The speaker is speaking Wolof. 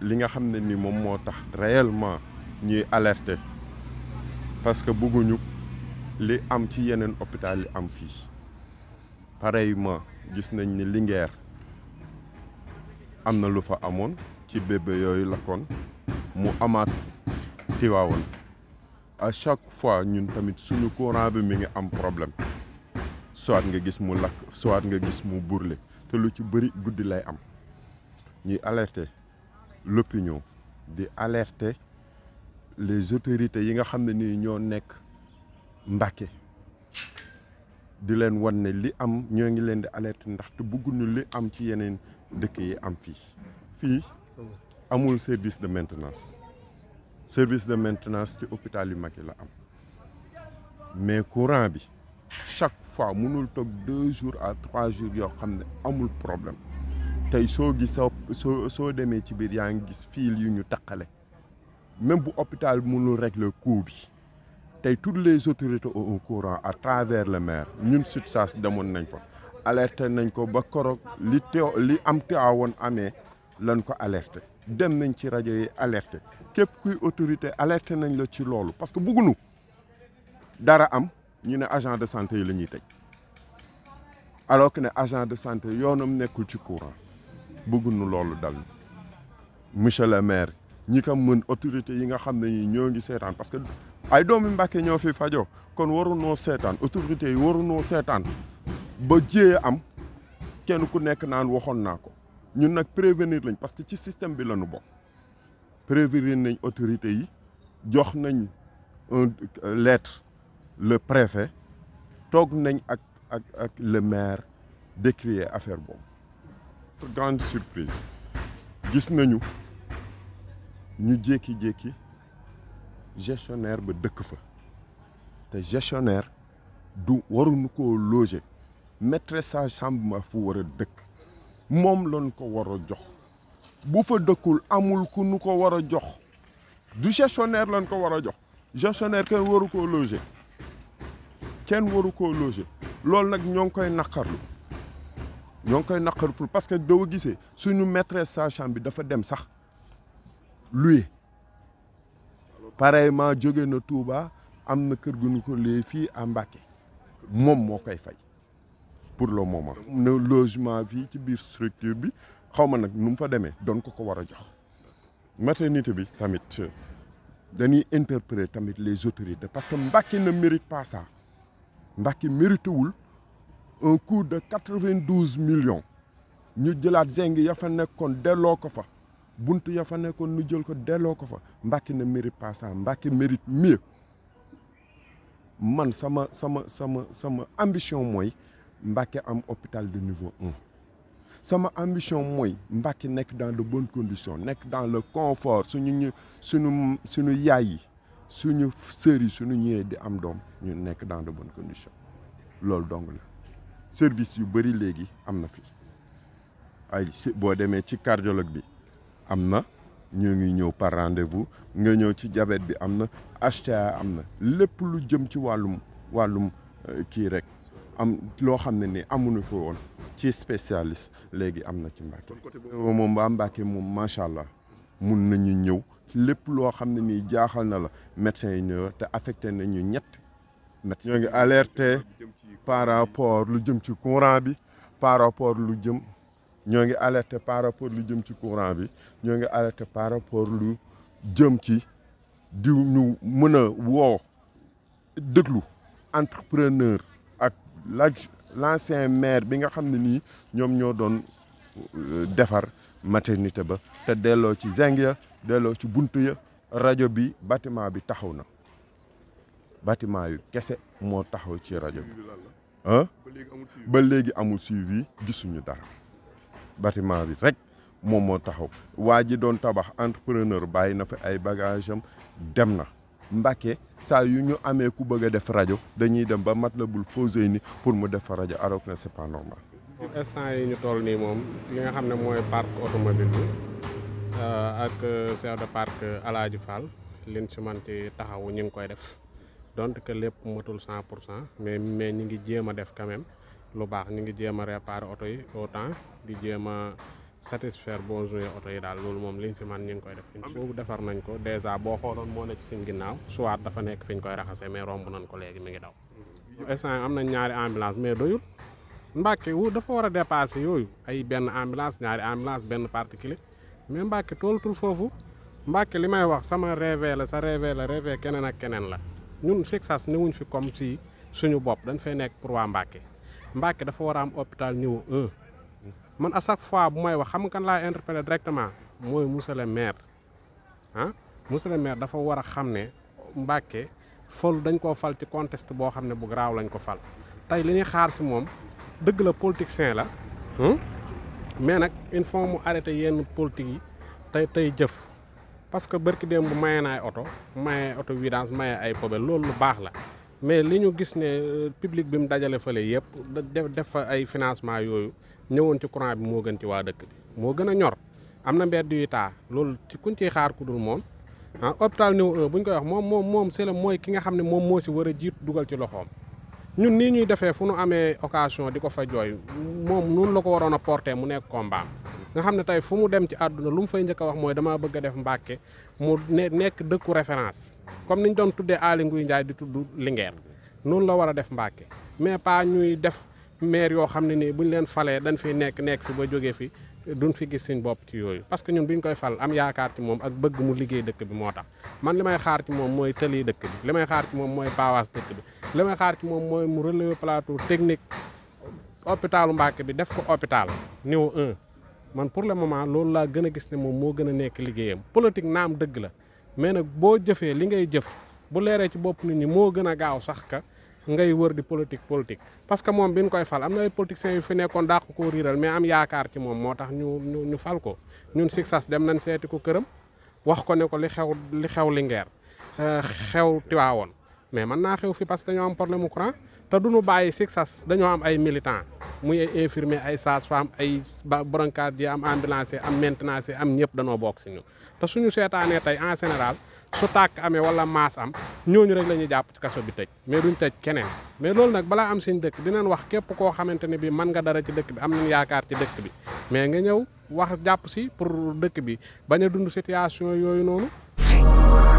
li nga xam ne ni moom moo tax réellement ñuy alerter parce que bëgguñu li am ci yeneen hôpital yi am fii pareillement gis nañ ni Linguère am na lu fa amoon ci bébé yooyu lakkoon mu amaat Tivaouane à chaque fois ñun tamit suñu courant bi mi ngi am problème soit nga gis mu lakk soit nga gis mu buurle te lu ci bëri guddi lay am ñuy alerter l'opinion di alerte les autorités yi nga xam ne nii ñoo nekk Mbàkke di leen wan ne li am ñoo ngi leen di alerter ndaxte bëgguñu li am ci yeneen dëkk yi am fii fii amul service de maintenance service de maintenance ci hôpital yu mag yi la am mais courant bi chaque fois mënul toog deux jours à trois jours yoo xam ne amul problème tey soo gis sa soo soo demee ci biir yaa ngi gis fiil yu ñu taqale même bu hôpital mënul régler coût bi tey toutes les autorités u courant à travers le maire ñun SUTSAS demoon nañ fa alerté nañ ko ba korog li teew li am teewoon amee lan ko alerté dem nañ ci rajo yi alerté képp kuy autorité alerté nañ la ci loolu parce que bëggunu dara am ñu ne agent de santé yi la ñuy tëj alors que ne agent de santé yoonam nekkul ci courant bëgguñu loolu dal monsieur le maire ñi ko mën autorité yi nga xam ne ñi ñoo ngi seetaan parce que ay doomi Mbàkke ñoo fi fajo kon warunoo seetaan autorité yi warunoo seetaan ba jiyee am kenn ku nekk naan waxoon naa ko ñun nag prévenir lañ parce que ci système bi la ñu bokk prévenir nañ autorité yi jox nañ un lettre le préfet toog nañ ak ak ak le maire décrier affaire boobu notre grande surprise gis nañu ñu jékki-jékki gestionnaire ba dëkk fa te gestionnaire du waruñu ko loger maîtresse sa chambre ma fu war a dëkk moom lañ ko war a jox bu fa dëkkul amul ku nu ko war a jox du gestionnaire lañ ko war a jox gestionnaire kenn waru koo loger kenn waru koo loolu nag ñoo ngi koy naqarlu ñoo ngi koy naqarful parce que doo gisee suñu maîtresse sage-femme bi dafa dem sax luye pareillement jóge na Touba am na kër gu ñu ko luye fii à Mbacké moom moo koy fay pour le moment. ne logement fii ci biir structure bi xaw ma nag nu mu fa demee doon ko ko war a jox maternité bi tamit dañuy interpeller tamit les autorités parce que Mbacké na mérite pas ça Mbacké mérite un coût de quatre-vingt-douze millions ñu jëlaat zeng ya fa nekkoon delloo ko fa bunt ya fa nekkoon ñu jël ko delloo ko fa Mbacké ne mérite pas ça Mbacké mérite mieux man sama sama sama sama ambition mooy Mbacké am hôpital de niveau un sama ambition mooy Mbacké nekk dans de bonnes condition nekk dans le confort suñu ñu suñu suñu yaay yi suñu sœurs su ñu ñëwee di am doom ñu nekk dans de bonnes condition loolu dong la service yu bëri léegi am na fi ay boo demee ci cardiologue bi am na ñoo ngi ñëw par rendez nga ñëw ci jabet bi am na HTA am na lépp lu jëm ci wàllum wàllum euh, kii rek am loo xam ne ni amuñu fa woon ci spécialiste léegi am na ci Mbàkke moom waa moom macha allah mun nañu ñëw lépp loo xam ne nii jaaxal na la médecin yi ñëw te affecté nañu ñett médecin ñoo ngi alerté par rapport lu jëm ci courant bi par rapport lu jëm ñoo ngi alerté par rapport lu jëm ci courant bi ñoo ngi alerté par rapport lu jëm ci di ñu mën a woo déglu entrepreneur ak la l'ancien maire bi nga xam ne nii ñoom ñoo doon euh, defar maternité ba te delloo ci zinc ya delloo ci buntu ya rajo bi bâtiment bi taxaw na bâtiment yu kese moo taxaw ci rajo bi ah ba léegi amul suivi gisuñu dara bâtiment bi rek moom moo taxaw waa ji doon tabax entrepreneur bàyyi na fi ay bagage dem na Mbàkke saa yu ñu amee ku bëgg a def rajo dañuy dem ba mat bul Matlaboul ni pour mu def fa rajo alors que c'est pas normal. instant yi ñu toll nii moom li nga xam ne mooy parc automobile bi euh, ak euh, chef de parc Alaaji Fall liñ ci man ci taxawu ñu ngi koy def. dont que lépp matul cent pour cent mais mais ñi ngi jéem a def quand lu baax ñi ngi jéem a réparer oto yi au temps di jéem a satisfaire besoin oto yi daal loolu moom liñ si man ñi ngi koy def boobu defar nañ ko dèjà boo xooloon moo nekk suñ ginnaaw soit dafa nekk fi koy raxasee mais romb nañ ko léegi mi ngi daw mm-hmm. instant am na ñaari ambulance mais doyul Mbàkke wu dafa war a dépassé yooyu ay benn ambulance ñaari ambulance benn particulier mais Mbàkke toolatul foofu Mbàkke li may wax sama rêve la sa rêve la keneen ak keneen la ñun Sexas newuñ fi comme si suñu bopp dañ fay nekk pour waa Mbacke Mbacke dafa war a am hôpital niveau man à chaque fois bu may wax xam nga kan laa interpellé directement mooy monsieur le maire ah monsieur le maire dafa war a xam ne Mbacke fol dañ koo fal ci contexte boo xam ne bu raaw lañ ko fal tey li ñuy xaar si moom dëgg la politicien la hmm? mais nag il faut mu arrêté yenn politique yi tey tey jëf. parce que bërki démb bu maye naay oto maye oto vidange maye ay poubelle loolu lu baax la mais li ñu gis ne euh, public bi mu dajale fële yëpp def def fa ay financement yooyu ñëwoon ci courant bi moo gën ci waa dëkk bi moo gën a ñor am na mbedd yu taa loolu ci kuñ ciy xaar ku moom ah hôpital niveau 1 bu ñu koy wax moom moom moom c'est mooy ki nga xam ne moom moo si war a jiit dugal ci loxoom ñun nii ñuy defee fu nu amee occasion di ko fa jooy moom noonu la ko waroon a porter mu nekk combat nga xam ne tey fu mu dem ci àdduna lu mu fay njëkk a wax mooy damaa bëgg a def Mbàkke mu ne nekk dëkku référence comme niñ doon tuddee Aly Ngouille Ndiaye di tudd Linguère noonu la war a def mbaake mais pas ñuy def maire yoo xam ne nii buñ leen falee dañ fiy nekk nekk fi ba jógee fi duñ fi gis suñ bopp ci yooyu parce que ñun bi ñu koy fal am yaakaar ci moom ak bëgg mu liggéey dëkk bi moo tax man li may xaar ci moom mooy tëli dëkk bi li may xaar ci moom mooy paawaas dëkk bi li may xaar ci moom mooy mu relever plateau technique hôpitalu Mbàkke bi def ko hôpital niveau man pour le moment loolu laa gën a gis ne moom moo gën a nekk liggéeyam politique naam dëgg la mais nag boo jëfee li ngay jëf bu leeree ci bopp nit ñi moo gën a gaaw sax ka ngay wër di politique politique. parce que moom bi ñu koy fal am na ay politiciens yu fi nekkoon dàq ko riiral mais am yaakaar ci moom moo tax ñu ñu ñu fal ko ñun succès dem nañ seeti ko këram wax ko ne ko li xew li xew Linguère euh, xew Tiwaawoon mais mën naa xew fi parce que dañoo am problème mu courant te du ñu bàyyi succès am ay militants. muy ay infirmier ay sage-femme ay brancardier am ambulance am maintenance am ñëpp danoo bokk si ñun te suñu seetaanee tey en général su tàkk amee wala maas am ñooñu rek la ñuy jàpp ci kaso bi tëj mais duñ tëj keneen mais loolu nag balaa am seen dëkk dinañ wax képp koo xamante ne bi mën nga dara ci dëkk bi am nañ yaakaar ci dëkk bi mais nga ñëw wax jàpp si pour dëkk bi bañ a dund situation yooyu noonu